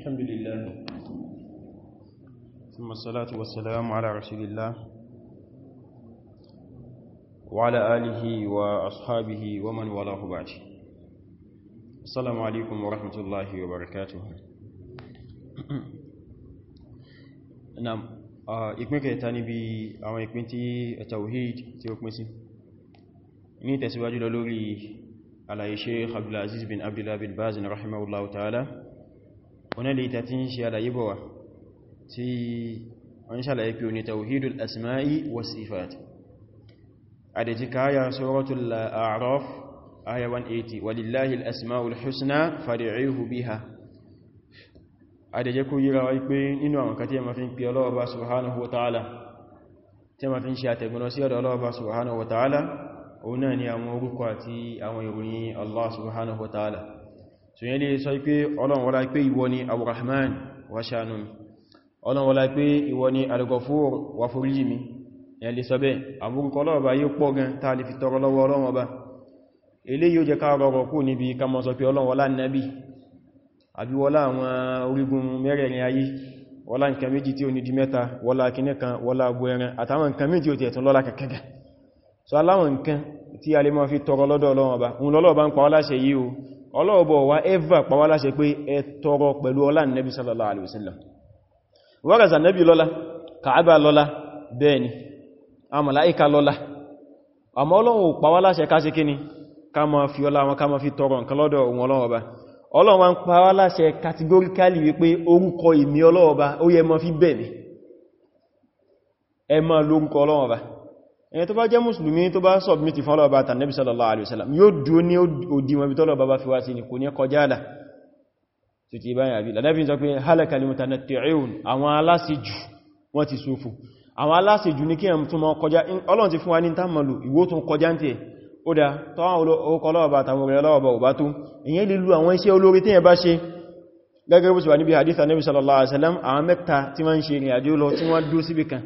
الحمد لله ثم الصلاة والسلام على رسول الله وعلى آله وأصحابه ومن والاه بعد السلام عليكم ورحمة الله وبركاته نعم ìpín kẹta níbi àwọn ìpín tí tawhid tí ó pín sí ní tẹ̀síwájú lọ lórí àlàyé Sheikh Abdulaziz bin Abdullah bin Baz rahimahullahu ta'ala onílé ìta tí ń ṣe àlàyé bọ̀wà tí wọ́n ṣàlàyé pé oní tawhidul asma'i wa sifat àdẹ̀tí káyà suratul a'raf aya 180 walillahi al-asma'ul husna fad'uhu biha àdẹ̀jẹ́ kó yíra wáyé pé nínú àwọn kan tí a ma fi ń pè ọlọ́ọ̀bá subhanahu wa ta'ala tí a ma fi ń so yẹn lè sọ pé ọlọ́run wọ́lá pé ìwọ ni abúrahman wá ṣàánú mi ọlọ́run wọ́lá pé ìwọ ni algofur wá foríjì mi yẹn lè sọ bẹ́ àmúrúkọ ọlọ́ọ̀bá yóò pọ̀ gan tàà lè fi tọrọ lọ́wọ́ ọlọ́run ọba ilé yóò jẹ káàrọ̀ ọ̀rọ̀ kú níbi ká mọ́ sọ pé ọlọ́run wọ́lá nábì àbí wọ́lá àwọn orígun mẹ́rẹ̀ẹ̀rin ayé ti ẹ̀tún lọ́lá kẹkẹgẹ so aláwọn nǹkan tí a lè máa fi tọrọ lọ́dọ̀ ọlọ́run ọba ń pa ọláṣẹ yìí o ọlọ́ọ̀bọ̀ wa ẹ́và pàwà láṣẹ pé ẹ tọrọ pẹ̀lú ọlá nẹ́bí sallallahu alaihi wasallam wọ́gàzà nẹ́bí lọ́lá kàábà lọ́lá bẹ́ẹ̀ni àmàláíkà lọ́lá àmọ́ ọlọ́run pàwà láṣẹ ká ma fi ọlá wọn ká ma fi tọrọ nǹkan lọ́dọ̀ ẹni tó bá jẹ́ mùsùlùmí tó bá submit fún ọlọ́ọ̀bá tànẹ́bí sallallahu alaihi wasallam yóò dúó ní òdíwọn bí tọ́lọ̀bá bá fi wá sí ní kò ní kọjá àlà tó ti báyìí àbí lànẹ́bí sọ pé halakal mutanatti'un àwọn aláṣejù wọ́n ti sófò àwọn aláṣejù ní kí ẹm tún mọ́ kọjá ọlọ́run ti fún wa ní tàmàlù ìwó tún kọjá ń tẹ́ ó dá tọ́wọ́n olóòkọlọ́ọ̀bá tàwọn obìnrin ọlọ́ọ̀bá ò bá tó ìyẹn lè lu àwọn iṣẹ́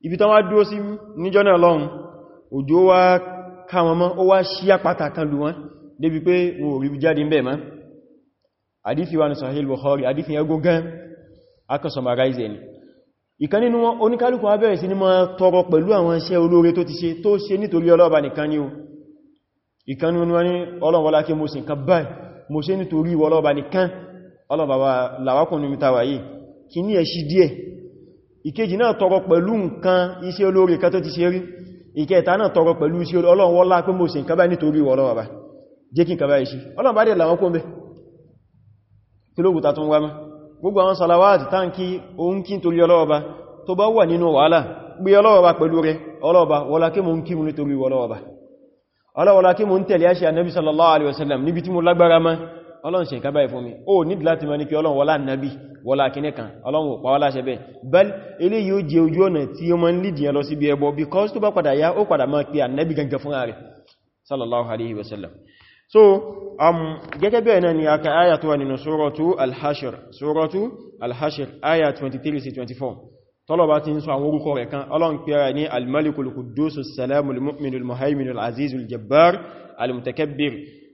ibi tán wá dúró sí níjọ́ náà lọ́hun òjò wá ká wọn mọ́ ó wá ṣí àpáta kan lù wọ́n débi pé wọn ò rí jáde ń bẹ̀ mọ́ àdífi wa ní Sahih Bukhari àdífi ẹgbó gan akọ́ summarize ni ìkan nínú wọn oníkálùkù á bẹ̀rẹ̀ sí ní máa tọrọ pẹ̀lú àwọn iṣẹ́ olóore tó ti ṣe tó ṣe nítorí ọlọ́ọ̀bá nìkan ni o ìkan nínú wọn ní ọlọ́wọ́lá kí mo sì nǹkan báyìí mo ṣe nítorí ọlọ́ọ̀bá nìkan ọlọ́ọ̀bá làwákùnrin mi tàwà yìí kí ní ẹ̀ṣí díẹ̀ ìkejì náà tọrọ pẹ̀lú nǹkan iṣẹ́ olóore kan tó ti ṣe rí ìkẹta náà tọrọ pẹ̀lú iṣẹ́ Ọlọ́run pé mo ṣe nǹkan báyìí nítorí Ọlọ́run bá jẹ́ kí nǹkan báyìí ṣe Ọlọ́run bá dẹ̀ làwọn kó mẹ́ kí ló gùta tó ń wá mẹ́ gbogbo àwọn salawati táǹkì òun kí nítorí Ọlọ́run bá tó bá wà nínú wàhálà ọlọ́run ṣe nǹkan báyìí fún mi ó nídì láti mọ́ ní kí ọlọ́run wọlá nàbí wọlá kìíní kan ọlọ́run pàwọ́lá ṣe bẹ́ẹ̀ bẹ́ẹ̀ eléyìí ó jẹ ojú ọ̀nà tí ó mọ́ ń lìdì lọ sí ibi ẹbọ because tó bá padà yá ó padà máa pe ànábì gangan fúnra rẹ̀ sallallahu so um, gẹ́gẹ́ bẹ́ẹ̀ náà ni a ka aya tó wà nínú suratu 23 sí 24 tọ́lọ̀bá ti ń sọ àwọn orúkọ rẹ̀ kan ọlọ́run pé ara ní al-malikul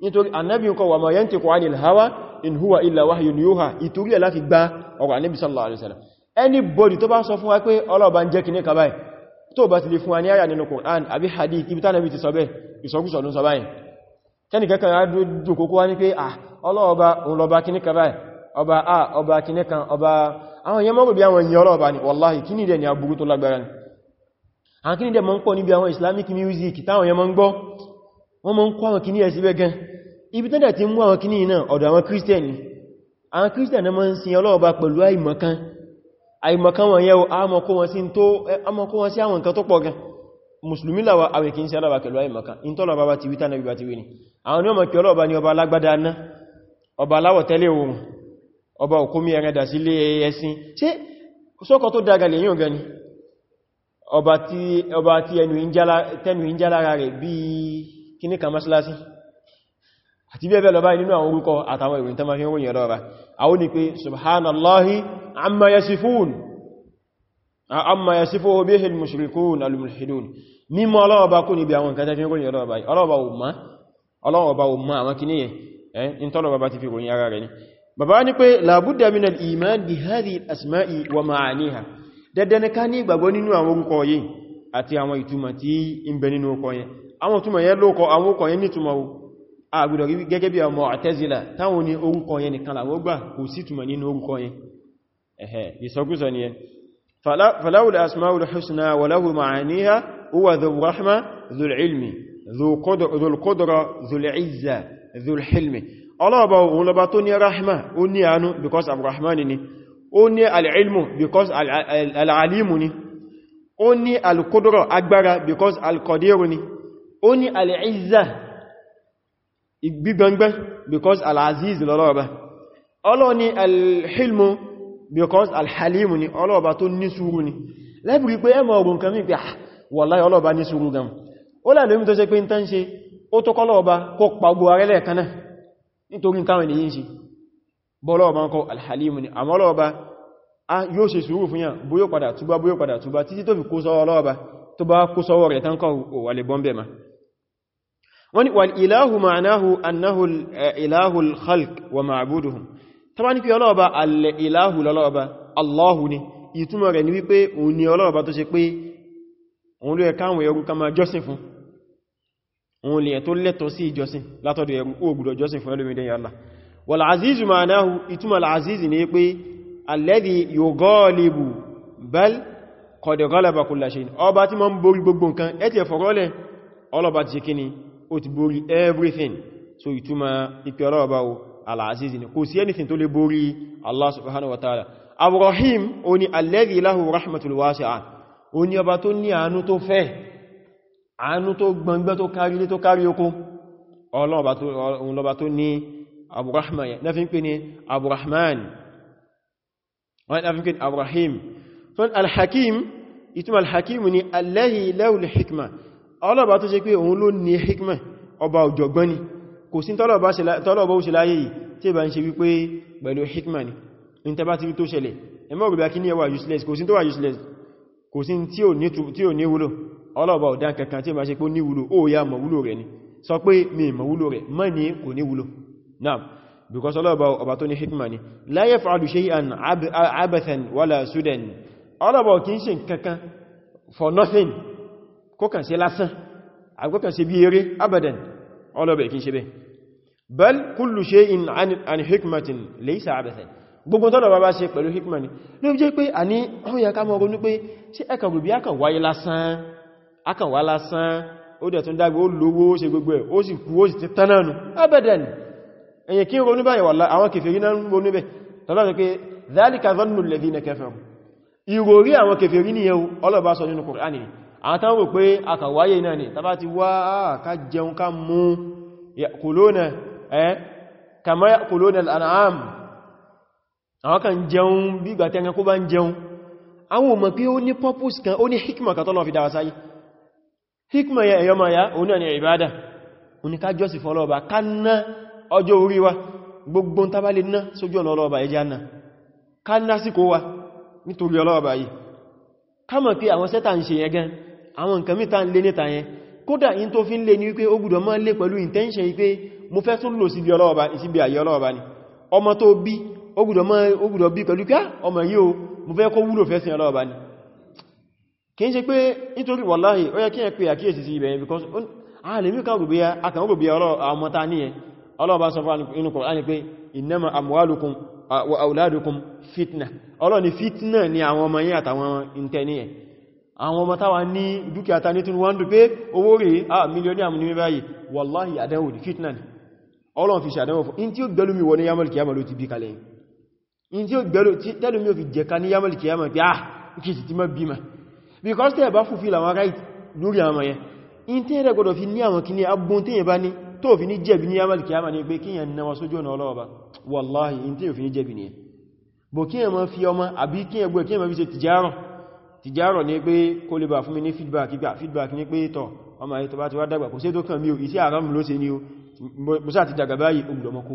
nítorí annabi ń kọ wà ma yantiqu anil hawa in huwa illa wahyun yuha ìtorí láti gba ọ̀rọ̀ annabi sallallahu alaihi wasallam anybody tó bá sọ fún wa pé ọlọ́ọ̀bá ń jẹ́ kìní kà báyìí tó bá ti lè fún wa ní dẹ̀ mọ́ ń pọ̀ níbi àwọn islamic music táwọn yẹn mọ́ ń gbọ́ wọ́n mọ́ ń kọ́ àwọn kìní ẹ̀ síbẹ̀ gan ibi tó dẹ̀ ti mú àwọn kìíní náà ọ̀dọ̀ àwọn Christian ni àwọn Christian náà máa ń sin ọlọ́ọ̀bá pẹ̀lú àìmọ̀kan àìmọ̀kan wọn yẹ́ àmọ́kó wọn sí àwọn nǹkan tó pọ̀ gan mùsùlùmí làwà àwẹ̀ kìí sí aláwà pẹ̀lú àìmọ̀kan in tọ́lọ̀ bá bá ti wítà náà ti wí ni àwọn onímọ̀ kí ọlọ́ọ̀bá ni ọba alágbádá ná ọba aláwọ̀ tẹ́lẹ̀ ẹnu ìjálára rẹ̀ bí kíníkà masalasi àti bẹ́ẹ̀ lọ bá nínú àwọn orúkọ àtàwọn ìròyìn tó máa fi ń ròyìn ọlọ́ọ̀bá àwọn ni pé subhanallahi amma yasifun amma yasifuhu bihi al-mushrikun al-mulhidun mímọ̀ ọlọ́ọ̀bá kò níbi àwọn nǹkan tẹ́fí ròyìn ọlọ́ọ̀bá ọlọ́ọ̀bá ò mọ̀ àwọn kìíní yẹn in tọ́lọ̀bá bá ti fi ròyìn ara rẹ̀ ni bàbá ní pé àgbìdọ̀ gẹ́gẹ́ bí ọmọ àtẹ́zìlá táwọn ní orúkọ yẹn nìkan làwọ́ gbà kò sí túnmọ̀ nínú orúkọ yẹn ẹ̀hẹ̀ ìsọkúsọ ni yẹn faláwùl asmáwùl husna wàláhù ma'aniha huwa dhul rahma dhul ilmi dhul qudra dhul izza dhul hilmi ọlọ́ọ̀bá òun lọba ó because of rahman ni ó ní because al'alimu ni ó ní al-qudra because al-qadiru ni ó ní gbígbẹ̀ngbẹ̀ because al-aziz lọ́lọ́ọ̀bá ọlọ́ ni al-hilmu because al-halimu ni ọlọ́ọ̀bá tó ní ni lẹ́bìrí pé ẹmọ ọgbọ̀n kan ní pé wallahi ọlọ́ọ̀bá ní sùúrù gan ó lẹ́lẹ́mí tó ṣe pé ń tán ṣe ó tó kọlọ́ọ̀bá kó pa ogbò arẹ́lẹ̀ wọ́n ni wal ilahu ma'anahu annahu eh, ilahul khalq wa ma'buduhum ta bá ní pé ọlọ́ọ̀bá al'ilahu lọ́lọ́ọ̀bá allahu ni ìtumọ̀ rẹ̀ ni wípé òun ni ọlọ́ọ̀bá tó ṣe pé òun ló ẹka àwọn ẹrú ká máa jọ́sìn fún òun lè tó lẹ́tọ̀ sí ìjọsìn látọ̀dọ̀ ẹrú ó gbọ́dọ̀ jọ́sìn fún ẹlòmídẹ́ yàlá wal azizu ma'anahu ìtumọ̀ ọlọ́ba ti ṣe kíni ó ti borí everything so ìtumọ̀ ìpẹ̀ ọlọ́ọ̀bá o al ni kò sí anything tó lè borí Allah subhanahu wa ta'ala ar-rahim ó ní alladhi lahu rahmatul wasi'ah ó ní ọba tó ní àánú tó fẹ̀ àánú tó gbọngbẹ́ tó kárí lé tó kárí okun ọlọ́ọ̀bá tó ní aburahman na fi ń pè ní aburahman wọ́n na fi so al-hakim ìtumọ̀ al-hakim ni alladhi lahu al ọlọ́bà tó ṣe pé òun ló ní hikmẹ̀ ọba ọ̀jọ̀gbọ́n ni kò sí tọ́lọ̀bà ó ṣe láyé yìí tí ìbá ń ṣe wípé pẹ̀lú hikmẹ̀ ni in tẹbá ti rí tó ṣẹlẹ̀ ẹmọ́ òbìbá kí ní ẹwà useless kò sí tó wà useless kò sí tí ò ní wúlò ọlọ́bà ọ̀dá kankan tí ìbá ṣe pé ó ní wúlò ó yá mọ̀ wúlò rẹ̀ ni sọ pé mi mọ̀ because ọlọ́bà ọba tó ní hikmẹ̀ ni la yaf'alu shay'an abathan wala sudan ọlọ́bà kì ṣe kankan for nothing kókàn sí lásán àkókàn sí bí eré abadan ọlọ́bẹ̀ kí n ṣe bẹ́ bal kullu shay'in an hikmatin laysa abathan gbogbo tọ́lọ̀ bá bá ṣe pẹ̀lú hikmani ló jẹ́ pé a ní ọmọya ká mọ́ ronú pé sí ẹkà rùbí akàn wáyé lásán akàn wá lásán ó dẹ̀ tún dágbé ó lówó ṣe gbogbo ẹ̀ ó sì kú ó sì ti tánánu abadan ẹ̀yẹ kí ronú báyẹ̀ wà àwọn kèfèrí náà ronú bẹ̀ sọ nínú Kùránì a wò pé akàwáyé náà ni tàbá ti wá ká jẹun ká mú yàkùlónà ẹ́ kàmọ́ yàkùlónà al'am àwọn kan jẹun bí ìgbà tẹ́ngẹ kó bá ń jẹun àwọn mọ̀ pé ó ní purpose kan ó ní hikma kan fi dára sáyé ya ẹ̀yọ́ ma ya òun náà ìbádà òun ni fọ́lọ́ọ̀bá ká ná ọjọ́ wa gbogbo tábálẹ̀ ná sójú ọlọ́ọ̀bá ẹjá náà ká ná síkó wa nítorí ọlọ́ọ̀bá yìí ká mọ̀ pé àwọn ń yẹn àwọn nǹkan mìta ń lé níta yẹn kódà in tó fi ń lé ní wípé ó gbùdọ̀ mọ́ lé pẹ̀lú intention wípé mo fẹ́ tún lò síbi ayé ọlọ́ọ̀bá ni ọmọ tó bí ó gbùdọ̀ bí pẹ̀lú pé ah, ọmọ yìí o mo fẹ́ kó wúlò fẹ́sìn ni kì í ṣe pé nítorí wàláhì ó yẹ kí ẹ pé àkíyèsí sí ibẹ̀yẹn because a lè mú káwọn gbogbo akàwọn gbogbo ọmọ ta ní ẹ ọlọ́ọ̀bá sọ fún inú ni fitna ni àwọn ọmọ yìí àtàwọn intẹ́ni àwọn ọmọ táwa ní dúkìá ta ní tún wọ́n dùn pé owó rẹ̀ a mílíọ̀ní àmì ní báyìí wàláhì àdánwò ní fitna ni ọlọ́n fi ṣàdánwò fún in tí ó gbẹ́lúmi wọ ní yamal kiyama ló ti bí kalẹ̀ in tí ó gbẹ́lúmi fi ah kì sí ti because tẹ́ bá fulfill àwọn right lórí àwọn yẹn in tí ẹ̀rẹ́ gbọdọ̀ fi ní àwọn kìíní agbóhun tí yẹn bá ní tó fi ní jẹ̀bi ní yamal kiyama ní pé kíyàn náwà sójú ọ̀nà ọlọ́wọ́ bá ọmọ àbí kíyàn gbọ́ kíyàn ma fi ṣe tìjárùn tìjárọ̀ ní pé kó lè bà fún mi ní feedback gbà feedback ní pé tọ̀ ọmọ ayé tó bá ti wá dàgbà kò sí tó kàn mí o iṣẹ́ àrámù ló ṣe ní o musa ti dàgbà báyìí ogudọ̀mọ́ kó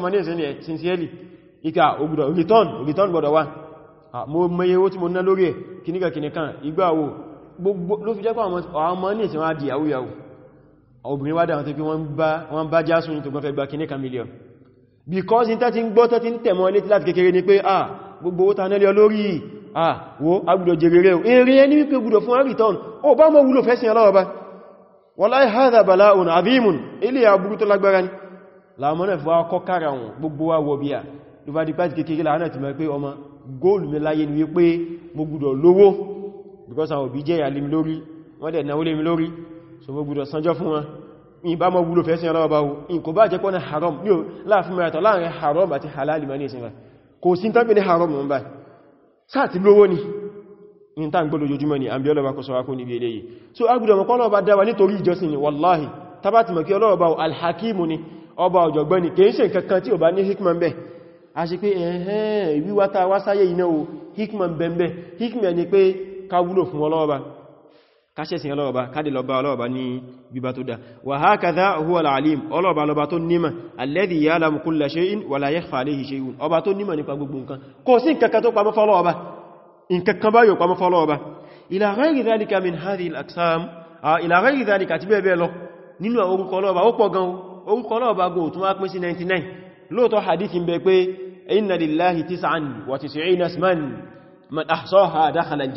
wálé sincerely ìkà ogudọ̀ return return gbọdọ̀ wá mo mẹ́yẹ mo ná lórí ẹ̀ kìníkà kìníkà ìgbà wo gbogbo ló fi jẹ́pọ̀ àwọn ọmọ ní ìsinmi àdì àwúyàwó obìnrin wádà wọn tó pé wọ́n bá jásùn ní tó gbọ́n fẹ́ because in tẹ́ ti ń gbọ́ tẹ́ ti ń tẹ̀mọ́ létí láti kékeré ni pé ah gbogbo owó ta nẹ́lẹ́ olórí ah wo agbùdọ̀ jẹrẹrẹ o èrè ẹni wípé gbùdọ̀ fún àrítọ́n o bá mọ́ wúlò fẹ́sìn aláwọ̀bá wallahi hadha bala'un azimun ilé àbúrú tó lágbára ní láàmọ́nà fún akọ́ kára wọn gbogbo wa wọ bí i ló bá di pàtí kékeré láàrín ti mẹ́ pé ọmọ góòlù mi láyé ni wípé mo gbùdọ̀ lówó because àwọn òbí jẹ́ ìyàlé mi lórí wọ́n dẹ̀ náwó lé mi lórí so mo gbùdọ̀ sanjọ́ fún wọn in bá mọ́ wúlò fẹ́sìn aláwọ̀bá o in kò bá jẹ́ na haram ní o láàfin mẹ́rẹ̀tọ̀ láàrin haram àti halal ìmọ̀ ní ìsinmi kò sí tán pé ní haram mọ́ báyìí sáàtì lówó ni ní tàn gbọ́lò jojúmọ́ ni àbí ọlọ́ba kó níbi eléyìí so agbùdọ̀mọ̀ kọ́ lọ́ọ̀bá dáwà nítorí ìjọsìn wàláhì tàbátì mọ̀ kí ọlọ́ọ̀bá alhakimu ni ọba ọ̀jọ̀gbọ́n ni kìí ṣe nǹkankan tí ò bá ní hikman bẹ́ a ṣe pé ẹ̀hẹ́ ìwíwátà wásáyé o hikman bẹ̀m̀bẹ̀ hikman ni pé ká fún ọlọ́ọ̀bá káṣẹ́sìn ọlọ́ọ̀bá káàdì lọ bá ọlọ́ọ̀bá ní bíbá tó dá wà hakadha huwa al-alim ọlọ́ọ̀bá lọba tó nímọ̀ alladhi ya'lamu kulla shay'in wa la yakhfa alayhi shay'un ọba tó nímọ̀ nípa gbogbo nǹkan kò sí nǹkankan tó pamọ́ fọ́lọ́ọ̀bá nǹkankan bá yóò pamọ́ fọ́lọ́ọ̀bá ila ghayri dhalika min hadhihi al-aqsam ila ghayri dhalika àti bẹ́ẹ̀ bẹ́ẹ̀ 99 lóòtọ́ hadith ń bẹ pé inna lillahi tis'an wa tis'ina isman man ahsaha dakhala al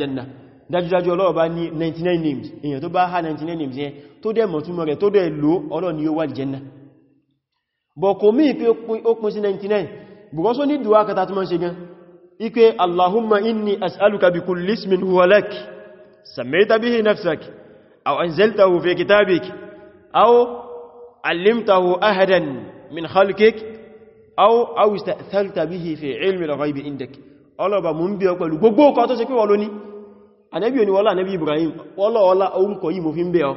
dájúdájú Ọlọ́run bá ní 99 names èyàn tó bá há 99 names yẹn tó dẹ̀ mọ̀túnmọ̀ rẹ̀ tó dẹ̀ lò Ọlọ́run ni ó wà jẹ́nà bọ̀ kò mí pé ó pín sí 99 bùkọ́sọ́ ní dùwà kata tó mọ́ ṣe gan ipé Allahumma inni as'aluka bi kulli ismin huwa lak sammaita bihi nafsak aw anzaltahu fi kitabik aw 'allamtahu ahadan min khalqik aw aw ista'tharta bihi fi 'ilmi al-ghaybi indak Ọlọ́run mú ń bí ọ pẹ̀lú gbogbo ọkọ̀ tó ṣe pé wọ́n lónìí anẹ́bí ò ní wọ́lá anẹ́bí Ibrahim ọlọ́ọ̀lá orúkọ yìí mo fi ń bẹ̀ ọ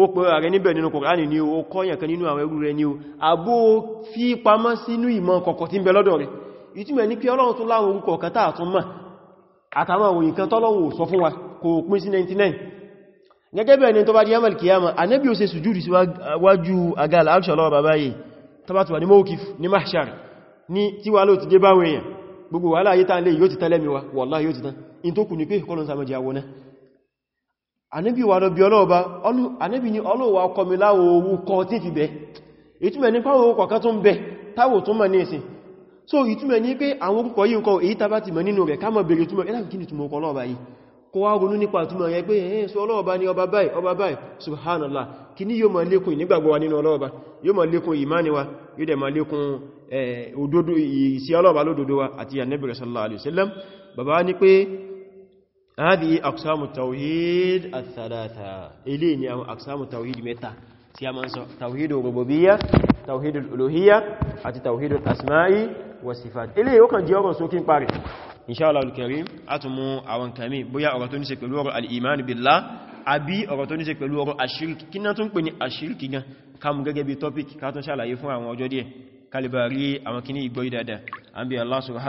ó pẹ̀rọ ààrẹ níbẹ̀ nínú Kùránì ni ó kọ́yàn kan nínú àwọn ẹrú rẹ ni ó àbó fi pamọ́ sínú ìmọ̀ kọ̀kọ̀ tí ń bẹ lọ́dọ̀ rẹ̀ ìtumọ̀ ní pé Ọlọ́run tún láwọn orúkọ kan táà tún mọ̀ àtàwọn òyìn kan tọ́lọ́wọ̀ sọ ni tó bá di yamal kiyama anẹ́bí ó ṣe agal alṣọ́lọ́wọ́ bàbáyé tó bá ti wà ní mawkif ní mahshar ní gbogbo wàhálà ayé tán lè yóò ti wa wala yóò ti tán in tó kù ní pé kọlọ̀nsá mẹ́jì àwọnẹ́ anẹ́bí wà lọ bí ọlọ́ọ̀bá anẹ́bí ni ọlọ́wà ọkọmi láwọ owó kọ tí fi bẹ́ ìtumẹ̀ ní pàwọn orúkọ kan tó ń so ìtumẹ̀ ní pé àwọn orúkọ yìí nǹkan èyí tàbá ti mọ̀ nínú rẹ̀ ká mọ̀ bèèrè ni túnmọ̀ ọkọ̀ ọlọ́ọ̀bá yìí kó wá ronú nípa ìtumọ̀ rẹ̀ ẹ̀ẹ́ kíní yóò máa lékún ìnígbàgbọ́ wa nínú ọlọ́ọ̀bá yóò máa lékún ìmáni wa yóò dẹ̀ máa lékún òdodo ìsí ọlọ́ọ̀bá lódodo wa àti ànábì sallallahu alaihi wasallam bàbá ní pé hadhihi aqsamu tawhid ath-thalatha ilé ni àwọn aqsamu tawhid mẹ́ta tí a máa ń sọ tawhid rububiyya tawhid uluhiyya àti tawhid asma'i wa sifat ilé yóò àbí ọ̀rọ̀ tó ní ṣe pẹ̀lú ọ̀rọ̀ àṣíríkì kí náà tún pè ní àṣíríkì gan kàmù gẹ́gẹ́ bí topic ká tún ṣàlàyé fún àwọn ọjọ́ díẹ̀ kalibà rí àwọn kíní ìgbóyí dáadáa an bí Allah ni ẹ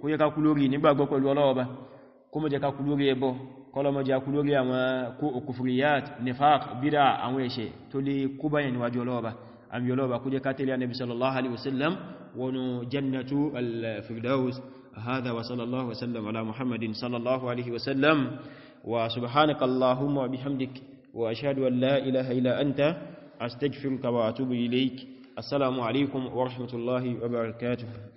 kó jẹ́ ká kú lórí nígbàgbọ́ pẹ̀lú Ọlọ́run Ọba kó má jẹ́ ká kú lórí ẹbọ kọ́lọ́ má jẹ́ kú lórí àwọn kufuriyat nifaq bídà àwọn ẹ̀ṣẹ̀ tó lè wasallam wọnú jannatu al-firdaus هذا وصلى الله وسلم على محمد صلى الله عليه وسلم وسبحانك اللهم وبحمدك وأشهد أن لا إله إلا أنت أستجفرك وأتوب إليك السلام عليكم ورحمة الله وبركاته